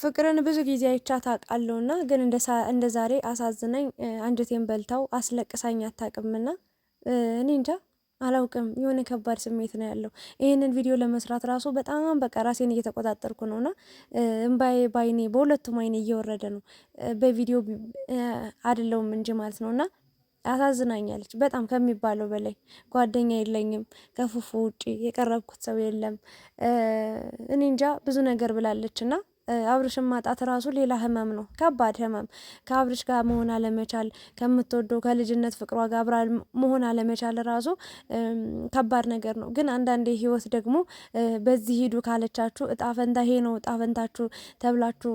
ፍቅርን ብዙ ጊዜ አይቻት እና ግን እንደ ዛሬ አሳዝናኝ አንጀቴን በልታው አስለቅሳኝ አታውቅምና እኔ እንጃ አላውቅም። የሆነ ከባድ ስሜት ነው ያለው። ይህንን ቪዲዮ ለመስራት ራሱ በጣም በቃ ራሴን እየተቆጣጠርኩ ነውና እምባዬ ባይኔ በሁለቱም አይኔ እየወረደ ነው። በቪዲዮ አይደለውም እንጂ ማለት ነውና አሳዝናኛለች በጣም ከሚባለው በላይ። ጓደኛ የለኝም ከፉፉ ውጪ የቀረብኩት ሰው የለም። እኔ እንጃ ብዙ ነገር ብላለች እና አብርሽን ማጣት ራሱ ሌላ ህመም ነው፣ ከባድ ህመም። ከአብርሽ ጋር መሆን አለመቻል፣ ከምትወደው ከልጅነት ፍቅሯ ጋር አብራ መሆን አለመቻል ራሱ ከባድ ነገር ነው። ግን አንዳንዴ ህይወት ደግሞ በዚህ ሂዱ ካለቻችሁ እጣፈንታ ይሄ ነው እጣፈንታችሁ ተብላችሁ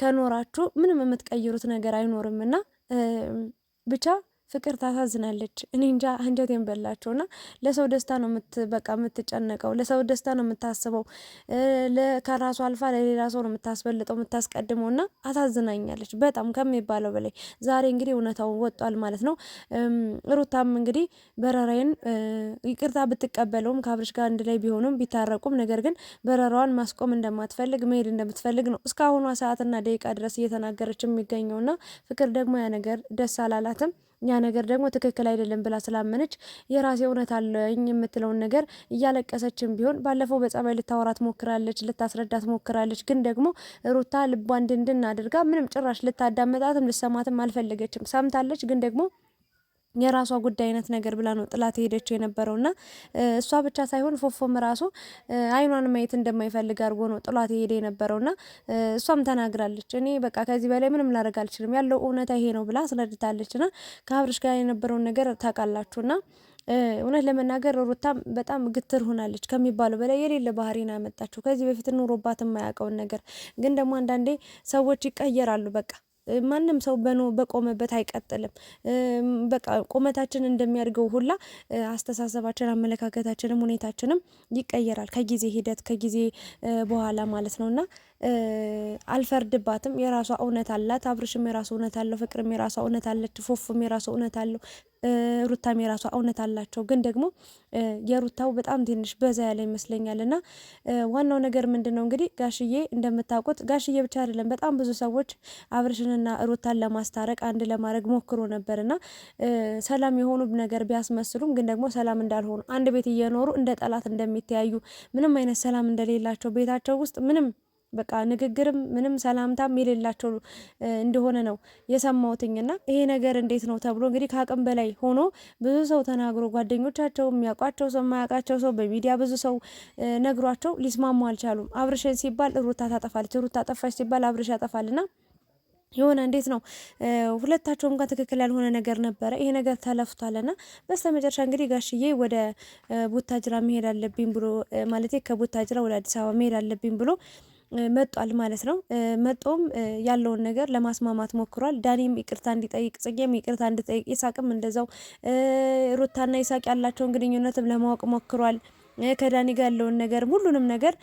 ከኖራችሁ ምንም የምትቀይሩት ነገር አይኖርም እና ብቻ ፍቅር ታሳዝናለች። እኔ እንጃ አንጀቴን በላቸውና ለሰው ደስታ ነው በቃ የምትጨነቀው፣ ለሰው ደስታ ነው የምታስበው። ከራሱ አልፋ ለሌላ ሰው ነው የምታስበልጠው የምታስቀድመው፣ እና አሳዝናኛለች በጣም ከሚባለው በላይ። ዛሬ እንግዲህ እውነታው ወጧል ማለት ነው። ሩታም እንግዲህ በረራዬን ይቅርታ ብትቀበለውም ከአብርሽ ጋር አንድ ላይ ቢሆኑም ቢታረቁም፣ ነገር ግን በረራዋን ማስቆም እንደማትፈልግ መሄድ እንደምትፈልግ ነው እስካሁኗ ሰዓትና ደቂቃ ድረስ እየተናገረች የሚገኘውና ፍቅር ደግሞ ያ ነገር ደስ አላላትም። ያ ነገር ደግሞ ትክክል አይደለም ብላ ስላመነች የራሴ እውነት አለኝ የምትለውን ነገር እያለቀሰችም ቢሆን ባለፈው በጸባይ ልታወራት ሞክራለች፣ ልታስረዳት ሞክራለች። ግን ደግሞ ሩታ ልቧ እንድንድን አድርጋ ምንም ጭራሽ ልታዳመጣትም ልሰማትም አልፈለገችም። ሰምታለች ግን ደግሞ የራሷ ጉዳይ አይነት ነገር ብላ ነው ጥላት ሄደች የነበረው እና እሷ ብቻ ሳይሆን ፎፎም ራሱ አይኗን ማየት እንደማይፈልግ አድርጎ ነው ጥላት ሄደ የነበረው እና እሷም ተናግራለች። እኔ በቃ ከዚህ በላይ ምንም ላደርግ አልችልም ያለው እውነታ ይሄ ነው ብላ አስረድታለች። ና ከአብርሽ ጋር የነበረውን ነገር ታውቃላችሁ ና እውነት ለመናገር ሩታም በጣም ግትር ሆናለች ከሚባለው በላይ የሌለ ባህሪን ያመጣችው ከዚህ በፊት ኑሮባት የማያውቀውን ነገር ግን ደግሞ አንዳንዴ ሰዎች ይቀየራሉ በቃ ማንም ሰው በኖ በቆመበት አይቀጥልም። በቃ ቁመታችን እንደሚያድገው ሁላ አስተሳሰባችን፣ አመለካከታችንም ሁኔታችንም ይቀየራል ከጊዜ ሂደት ከጊዜ በኋላ ማለት ነው እና አልፈርድባትም። የራሷ እውነት አላት። አብርሽም የራሱ እውነት አለው። ፍቅርም የራሷ እውነት አለች። ፉፉም የራሱ እውነት አለው። ሩታም የራሷ እውነት አላቸው። ግን ደግሞ የሩታው በጣም ትንሽ በዛ ያለ ይመስለኛል። እና ዋናው ነገር ምንድን ነው እንግዲህ ጋሽዬ እንደምታውቁት ጋሽዬ ብቻ አይደለም በጣም ብዙ ሰዎች አብርሽንና ሩታን ለማስታረቅ አንድ ለማድረግ ሞክሮ ነበር እና ሰላም የሆኑ ነገር ቢያስመስሉም ግን ደግሞ ሰላም እንዳልሆኑ አንድ ቤት እየኖሩ እንደ ጠላት እንደሚተያዩ ምንም አይነት ሰላም እንደሌላቸው ቤታቸው ውስጥ ምንም በቃ ንግግርም ምንም ሰላምታም የሌላቸው እንደሆነ ነው የሰማሁትኝና ይሄ ነገር እንዴት ነው ተብሎ እንግዲህ ከአቅም በላይ ሆኖ ብዙ ሰው ተናግሮ ጓደኞቻቸው የሚያውቋቸው ሰው የማያውቃቸው ሰው በሚዲያ ብዙ ሰው ነግሯቸው ሊስማሙ አልቻሉም። አብርሽን ሲባል ሩታ ታጠፋለች፣ ሩታ ጠፋች ሲባል አብርሽ ያጠፋልና የሆነ እንዴት ነው ሁለታቸውም ጋር ትክክል ያልሆነ ነገር ነበረ። ይሄ ነገር ተለፍቷልና በስተ መጨረሻ እንግዲህ ጋሽዬ ወደ ቡታጅራ መሄድ አለብኝ ብሎ ማለት ከቡታጅራ ወደ አዲስ አበባ መሄድ አለብኝ ብሎ መጧል ማለት ነው። መጦም ያለውን ነገር ለማስማማት ሞክሯል። ዳኒም ይቅርታ እንዲጠይቅ፣ ጽጌም ይቅርታ እንዲጠይቅ፣ ይሳቅም እንደዛው ሩታና ይሳቅ ያላቸውን ግንኙነትም ለማወቅ ሞክሯል። ከዳኒ ጋር ያለውን ነገር ሁሉንም ነገር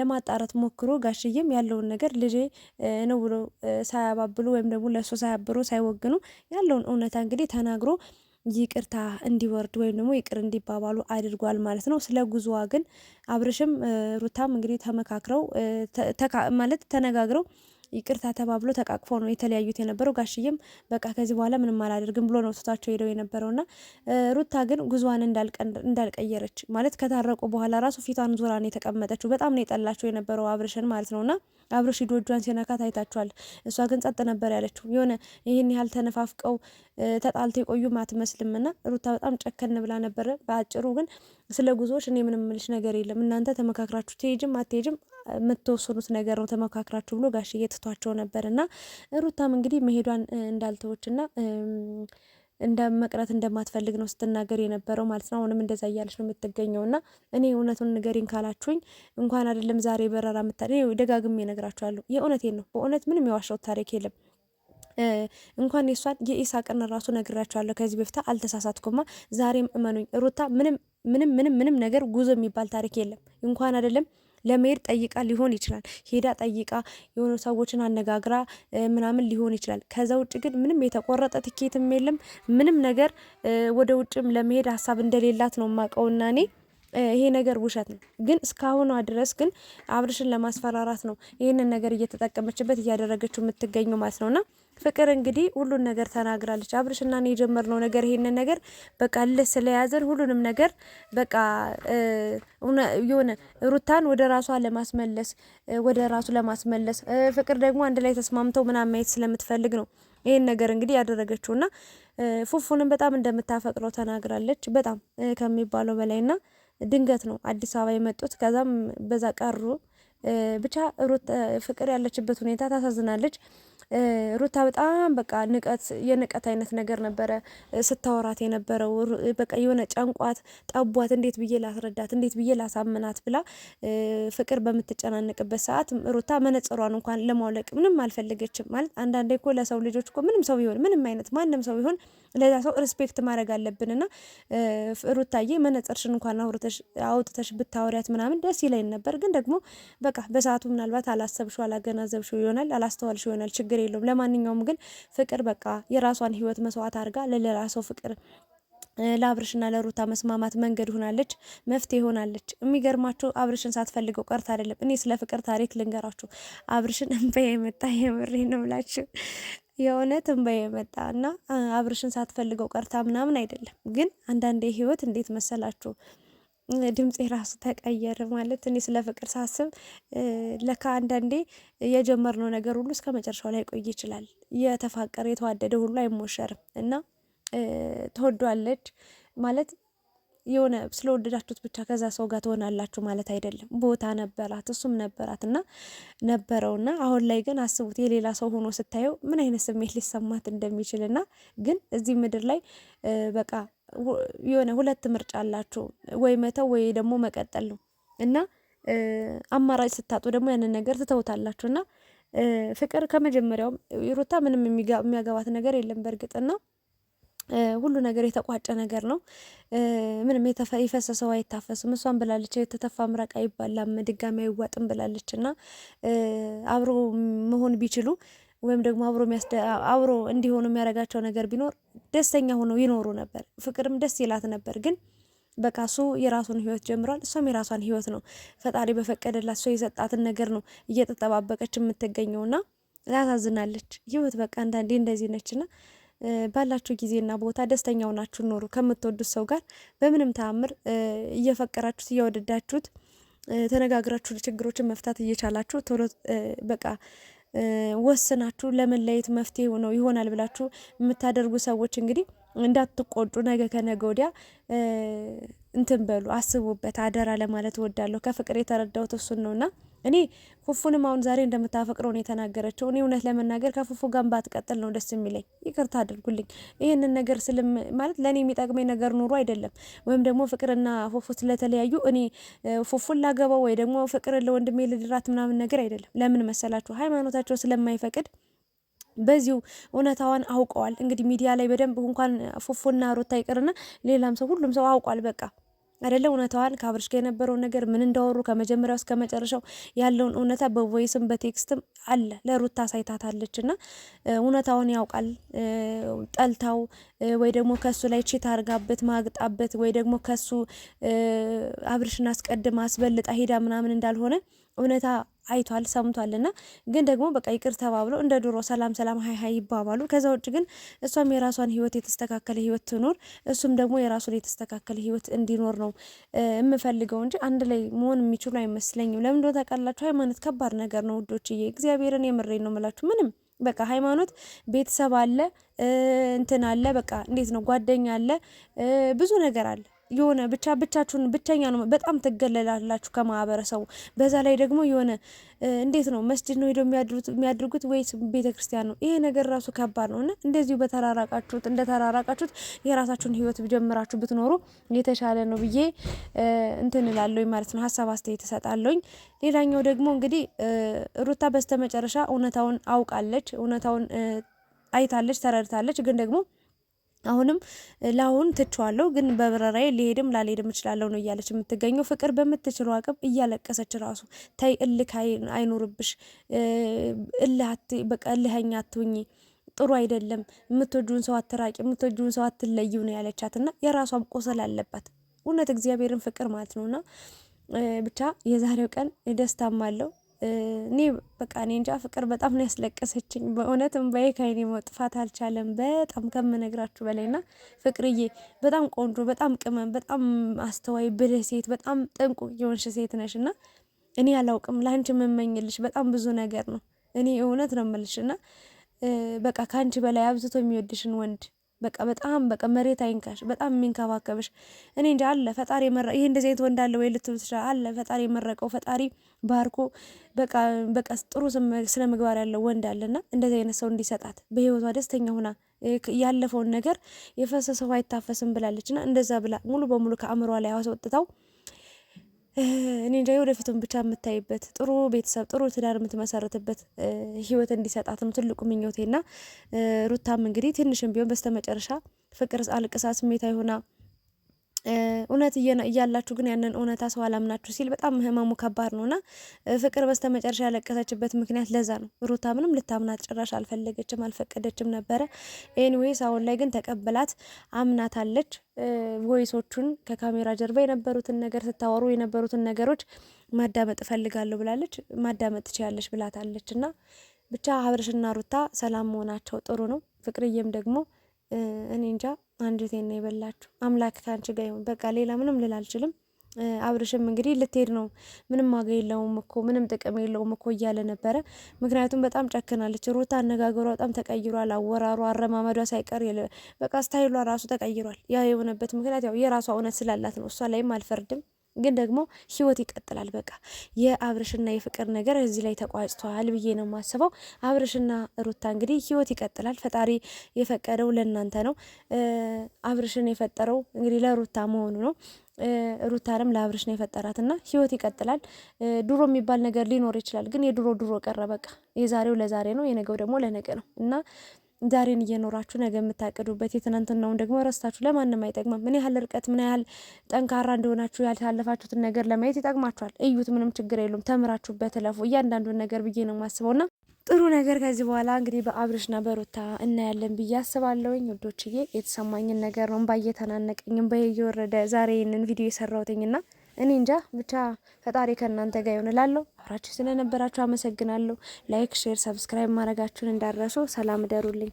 ለማጣራት ሞክሮ ጋሽዬም ያለውን ነገር ልጄ ነው ብሎ ሳያባብሉ ወይም ደግሞ ለእሱ ሳያብሩ ሳይወግኑ ያለውን እውነታ እንግዲህ ተናግሮ ይቅርታ እንዲወርድ ወይም ደግሞ ይቅር እንዲባባሉ አድርጓል ማለት ነው። ስለ ጉዞዋ ግን አብርሽም ሩታም እንግዲህ ተመካክረው ማለት ተነጋግረው ይቅርታ ተባብሎ ተቃቅፎ ነው የተለያዩት የነበረው። ጋሽዬም በቃ ከዚህ በኋላ ምንም አላደርግም ብሎ ነው ትቷቸው ሄደው የነበረውና ሩታ ግን ጉዟን እንዳልቀየረች ማለት ከታረቁ በኋላ ራሱ ፊቷን ዙራ ነው የተቀመጠችው። በጣም ነው የጠላቸው የነበረው አብርሽን ማለት ነው አብርሽ ሂዶ እጇን ሲነካት ታይታችኋል። እሷ ግን ጸጥ ነበር ያለችው። የሆነ ይህን ያህል ተነፋፍቀው ተጣልተው የቆዩም አትመስልምና ሩታ በጣም ጨከን ብላ ነበረ። በአጭሩ ግን ስለ ጉዞዎች እኔ ምንም ምልሽ ነገር የለም። እናንተ ተመካክራችሁ ትሄጅም አትሄጅም የምትወስኑት ነገር ነው ተመካክራችሁ ብሎ ጋሽ ትቷቸው ነበር እና ሩታም እንግዲህ መሄዷን እንዳልተወች እና እንደ መቅረት እንደማትፈልግ ነው ስትናገር የነበረው ማለት ነው። አሁንም እንደዛ እያለች ነው የምትገኘው እና እኔ እውነቱን ንገሪኝ ካላችሁኝ እንኳን አይደለም ዛሬ በረራ ምታ ደጋግሜ እነግራችኋለሁ። የእውነቴን ነው። በእውነት ምንም የዋሻው ታሪክ የለም። እንኳን የሷን የኢሳቅን ራሱ ነግራቸዋለሁ ከዚህ በፊት አልተሳሳትኩማ። ዛሬም እመኑኝ ሩታ ምንም ምንም ምንም ምንም ነገር ጉዞ የሚባል ታሪክ የለም። እንኳን አይደለም ለመሄድ ጠይቃ ሊሆን ይችላል። ሄዳ ጠይቃ የሆኑ ሰዎችን አነጋግራ ምናምን ሊሆን ይችላል። ከዛ ውጭ ግን ምንም የተቆረጠ ትኬትም የለም ምንም ነገር ወደ ውጭም ለመሄድ ሀሳብ እንደሌላት ነው የማውቀውና እኔ ይሄ ነገር ውሸት ነው። ግን እስካሁኗ ድረስ ግን አብርሽን ለማስፈራራት ነው ይህንን ነገር እየተጠቀመችበት እያደረገችው የምትገኘው ማለት ነውና ፍቅር እንግዲህ ሁሉን ነገር ተናግራለች። አብርሽና እኔ የጀመርነው ነገር ይሄንን ነገር በቃ ልህ ስለያዘን ሁሉንም ነገር በቃ የሆነ ሩታን ወደ ራሷ ለማስመለስ ወደ ራሱ ለማስመለስ ፍቅር ደግሞ አንድ ላይ ተስማምተው ምናምን ማየት ስለምትፈልግ ነው ይህን ነገር እንግዲህ ያደረገችውና ፉፉንም በጣም እንደምታፈቅረው ተናግራለች። በጣም ከሚባለው በላይና ድንገት ነው አዲስ አበባ የመጡት። ከዛም በዛ ቀሩ። ብቻ ፍቅር ያለችበት ሁኔታ ታሳዝናለች። ሩታ በጣም በቃ ንቀት የንቀት አይነት ነገር ነበረ ስታወራት የነበረው። በቃ የሆነ ጨንቋት ጠቧት፣ እንዴት ብዬ ላስረዳት፣ እንዴት ብዬ ላሳምናት ብላ ፍቅር በምትጨናነቅበት ሰዓት ሩታ መነጽሯን እንኳን ለማውለቅ ምንም አልፈለገችም። ማለት አንዳንዴ እኮ ለሰው ልጆች እኮ ምንም ሰው ቢሆን ምንም አይነት ማንም ሰው ቢሆን ለዛ ሰው ሪስፔክት ማድረግ አለብን ና ሩታዬ መነጽርሽን እንኳን አውጥተሽ ብታወሪያት ምናምን ደስ ይለኝ ነበር ግን ደግሞ በቃ በሰዓቱ ምናልባት አላሰብሽው አላገናዘብሽው ይሆናል አላስተዋልሽው ይሆናል። ችግር የለውም። ለማንኛውም ግን ፍቅር በቃ የራሷን ህይወት መስዋዕት አድርጋ ለሌላ ሰው ፍቅር ለአብርሽና ለሩታ መስማማት መንገድ ሆናለች፣ መፍትሄ ሆናለች። የሚገርማችሁ አብርሽን ሳትፈልገው ቀርታ አይደለም። እኔ ስለ ፍቅር ታሪክ ልንገራችሁ። አብርሽን እንበ የመጣ የምሬ ነው ብላችሁ የእውነት እንባ የመጣ እና አብርሽን ሳትፈልገው ቀርታ ምናምን አይደለም። ግን አንዳንዴ ህይወት እንዴት መሰላችሁ ድምፅ ራሱ ተቀየር ማለት እኔ ስለ ፍቅር ሳስብ ለካ አንዳንዴ የጀመርነው ነገር ሁሉ እስከ መጨረሻው ላይ ቆይ ይችላል። የተፋቀረ የተዋደደ ሁሉ አይሞሸርም እና ትወዷለች ማለት የሆነ ስለወደዳችሁት ብቻ ከዛ ሰው ጋር ትሆናላችሁ ማለት አይደለም። ቦታ ነበራት እሱም ነበራት እና ነበረውና አሁን ላይ ግን አስቡት የሌላ ሰው ሆኖ ስታየው ምን አይነት ስሜት ሊሰማት እንደሚችልና ግን እዚህ ምድር ላይ በቃ የሆነ ሁለት ምርጫ አላችሁ ወይ መተው ወይ ደግሞ መቀጠል ነው እና አማራጭ ስታጡ ደግሞ ያንን ነገር ትተውታላችሁ እና ፍቅር ከመጀመሪያውም ሩታ ምንም የሚያገባት ነገር የለም። በእርግጥና ሁሉ ነገር የተቋጨ ነገር ነው። ምንም የፈሰሰው አይታፈስም። እሷን ብላለች፣ የተተፋ ምራቅ አይባላም ድጋሚ አይዋጥም ብላለች እና አብሮ መሆን ቢችሉ ወይም ደግሞ አብሮ አብሮ እንዲሆኑ የሚያደርጋቸው ነገር ቢኖር ደስተኛ ሆነው ይኖሩ ነበር። ፍቅርም ደስ ይላት ነበር ግን በቃ እሱ የራሱን ህይወት ጀምሯል፣ እሷም የራሷን ህይወት ነው። ፈጣሪ በፈቀደላት ሰው የሰጣትን ነገር ነው እየተጠባበቀች የምትገኘው ና ታሳዝናለች። ህይወት በቃ አንዳንዴ እንደዚህ ነች። ና ባላችሁ ጊዜና ቦታ ደስተኛ ሆናችሁ ኖሩ። ከምትወዱት ሰው ጋር በምንም ተአምር እየፈቀራችሁት እያወደዳችሁት ተነጋግራችሁ ችግሮችን መፍታት እየቻላችሁ በቃ ወስናችሁ ለመለየት መፍትሄ ሆነው ይሆናል ብላችሁ የምታደርጉ ሰዎች እንግዲህ እንዳትቆጡ ነገ ከነገ ወዲያ እንትን በሉ አስቡበት፣ አደራ ለማለት እወዳለሁ። ከፍቅር የተረዳሁት እሱን ነውና እኔ ፉፉንም አሁን ዛሬ እንደምታፈቅረው ነው የተናገረችው። እኔ እውነት ለመናገር ከፉፉ ጋር ባትቀጥል ነው ደስ የሚለኝ። ይቅርታ አድርጉልኝ። ይህንን ነገር ስልም ማለት ለእኔ የሚጠቅመኝ ነገር ኑሮ አይደለም። ወይም ደግሞ ፍቅርና ፉፉ ስለተለያዩ እኔ ፉፉን ላገባው ወይ ደግሞ ፍቅር ለወንድሜ ልድራት ምናምን ነገር አይደለም። ለምን መሰላችሁ? ሃይማኖታቸው ስለማይፈቅድ በዚሁ እውነታዋን አውቀዋል። እንግዲህ ሚዲያ ላይ በደንብ እንኳን ፉፉና ሩታ ይቅርና ሌላም ሰው ሁሉም ሰው አውቋል በቃ አደለ እውነታዋን ከአብርሽ ጋር የነበረውን ነገር ምን እንዳወሩ ከመጀመሪያው እስከ መጨረሻው ያለውን እውነታ በቮይስም በቴክስትም አለ ለሩታ ሳይታታለች እና እውነታውን ያውቃል። ጠልታው ወይ ደግሞ ከሱ ላይ ቺት አርጋበት ማግጣበት ወይ ደግሞ ከሱ አብርሽን አስቀድማ አስበልጣ ሄዳ ምናምን እንዳልሆነ እውነታ አይቷል ሰምቷልና፣ ግን ደግሞ በቃ ይቅር ተባብሎ እንደ ድሮ ሰላም ሰላም ሀይ ሀይ ይባባሉ። ከዛ ውጭ ግን እሷም የራሷን ህይወት የተስተካከለ ህይወት ትኖር፣ እሱም ደግሞ የራሱን የተስተካከለ ህይወት እንዲኖር ነው የምፈልገው እንጂ አንድ ላይ መሆን የሚችሉ አይመስለኝም። ለምን እንደሆነ ታውቃላችሁ? ሃይማኖት ከባድ ነገር ነው ውዶችዬ፣ እግዚአብሔርን የምሬን ነው የምላችሁ ምንም በቃ ሃይማኖት ቤተሰብ አለ እንትን አለ በቃ እንዴት ነው ጓደኛ አለ ብዙ ነገር አለ። የሆነ ብቻ ብቻችሁን ብቸኛ ነው፣ በጣም ትገለላላችሁ ከማህበረሰቡ። በዛ ላይ ደግሞ የሆነ እንዴት ነው መስጂድ ነው ሄደው የሚያድርጉት ወይስ ቤተ ክርስቲያን ነው? ይሄ ነገር ራሱ ከባድ ነው እና እንደዚሁ በተራራቃችሁት እንደ ተራራቃችሁት የራሳችሁን ህይወት ጀምራችሁ ብትኖሩ የተሻለ ነው ብዬ እንትን ማለት ነው። ሀሳብ አስተያየት እሰጣለሁኝ። ሌላኛው ደግሞ እንግዲህ ሩታ በስተመጨረሻ እውነታውን አውቃለች፣ እውነታውን አይታለች፣ ተረድታለች ግን ደግሞ አሁንም ለአሁን ትችዋለሁ፣ ግን በበረራዬ ሊሄድም ላልሄድም እችላለሁ ነው እያለች የምትገኘው። ፍቅር በምትችለው አቅም እያለቀሰች ራሱ ታይ፣ እልክ አይኑርብሽ፣ በቃ እልኸኛ አትሁኚ ጥሩ አይደለም። የምትወጁን ሰው አትራቂ፣ የምትወጁን ሰው አትለዩ ነው ያለቻት። እና የራሷም ቆሰል አለባት እውነት እግዚአብሔርን ፍቅር ማለት ነው። ነውና ብቻ የዛሬው ቀን ደስታም አለው። እኔ በቃ እኔ እንጃ ፍቅር በጣም ነው ያስለቀሰችኝ። በእውነትም በይ ከይኔ መጥፋት አልቻለም። በጣም ከምነግራችሁ ና ፍቅርዬ በጣም ቆንጆ፣ በጣም ቅመም፣ በጣም አስተዋይ፣ ብልህ ሴት፣ በጣም ጥንቁቅ የሆንሽ ሴት ነሽ ና እኔ አላውቅም ለአንቺ የምመኝልሽ በጣም ብዙ ነገር ነው። እኔ እውነት ነው የምልሽ ና በቃ ከአንቺ በላይ አብዝቶ የሚወድሽን ወንድ በቃ በጣም በቃ መሬት አይንካሽ፣ በጣም የሚንከባከብሽ እኔ እንጃ አለ ፈጣሪ የመረ ይሄ እንደዚህ አይነት ወንድ አለ ወይ ልትሉ ትችላል። አለ ፈጣሪ የመረቀው ፈጣሪ ባርኮ በቃ በቃ ጥሩ ስነ ምግባር ያለው ወንድ አለና እንደዚህ አይነት ሰው እንዲሰጣት በህይወቷ ደስተኛ ሆና ያለፈውን ነገር የፈሰሰው አይታፈስም ብላለችና እንደዛ ብላ ሙሉ በሙሉ ከአእምሯ ላይ አስወጥታው እኔ እንጃ ወደፊቱም ብቻ የምታይበት ጥሩ ቤተሰብ ጥሩ ትዳር የምትመሰረትበት ህይወት እንዲሰጣት ነው ትልቁ ምኞቴና ሩታም እንግዲህ ትንሽም ቢሆን በስተመጨረሻ ፍቅር አልቅሳ ስሜታ ይሆና እውነት እያላችሁ ግን ያንን እውነታ ሰው አላምናችሁ ሲል በጣም ህመሙ ከባድ ነው እና ፍቅር በስተመጨረሻ ያለቀሰችበት ምክንያት ለዛ ነው። ሩታ ምንም ልታምናት ጭራሽ አልፈለገችም፣ አልፈቀደችም ነበረ። ኤኒዌይስ አሁን ላይ ግን ተቀብላት አምናታለች። ቮይሶቹን ከካሜራ ጀርባ የነበሩትን ነገር ስታወሩ የነበሩትን ነገሮች ማዳመጥ እፈልጋለሁ ብላለች። ማዳመጥ ትችላለች ብላታለች። እና ብቻ ሀብረሽና ሩታ ሰላም መሆናቸው ጥሩ ነው። ፍቅርዬም ደግሞ እኔ እንጃ አንጀቴን ነው የበላችሁ። አምላክ ከአንቺ ጋር ይሁን። በቃ ሌላ ምንም ልል አልችልም። አብርሽም እንግዲህ ልትሄድ ነው፣ ምንም ዋጋ የለውም እኮ ምንም ጥቅም የለውም እኮ እያለ ነበረ። ምክንያቱም በጣም ጨክናለች ሩታ። አነጋገሯ በጣም ተቀይሯል። አወራሯ፣ አረማመዷ ሳይቀር በቃ ስታይሏ ራሱ ተቀይሯል። ያ የሆነበት ምክንያት ያው የራሷ እውነት ስላላት ነው። እሷ ላይም አልፈርድም። ግን ደግሞ ህይወት ይቀጥላል። በቃ የአብርሽና የፍቅር ነገር እዚህ ላይ ተቋጭቷል ብዬ ነው የማስበው። አብርሽና ሩታ እንግዲህ ህይወት ይቀጥላል። ፈጣሪ የፈቀደው ለእናንተ ነው። አብርሽን የፈጠረው እንግዲህ ለሩታ መሆኑ ነው። ሩታንም ለአብርሽ ነው የፈጠራትና ህይወት ይቀጥላል። ድሮ የሚባል ነገር ሊኖር ይችላል፣ ግን የድሮ ድሮ ቀረ። በቃ የዛሬው ለዛሬ ነው፣ የነገው ደግሞ ለነገ ነው እና ዛሬን እየኖራችሁ ነገ የምታቅዱበት የትናንትናውን ደግሞ ረስታችሁ ለማንም አይጠቅምም። ምን ያህል ርቀት ምን ያህል ጠንካራ እንደሆናችሁ ያልታለፋችሁትን ነገር ለማየት ይጠቅማችኋል። እዩት፣ ምንም ችግር የሉም። ተምራችሁበት እለፉ። እያንዳንዱን ነገር ብዬ ነው የማስበው ና ጥሩ ነገር ከዚህ በኋላ እንግዲህ በአብርሽና በሩታ እናያለን ብዬ አስባለሁኝ። ውዶችዬ የተሰማኝን ነገር ነው ባየተናነቀኝም እየተናነቀኝም በየወረደ ዛሬ ይህንን ቪዲዮ የሰራሁትኝና እኔ እንጃ ብቻ ፈጣሪ ከእናንተ ጋር ይሆንላለሁ አብራችሁ ስለነበራችሁ አመሰግናለሁ። ላይክ፣ ሼር፣ ሰብስክራይብ ማድረጋችሁን እንዳረሱ። ሰላም እደሩልኝ።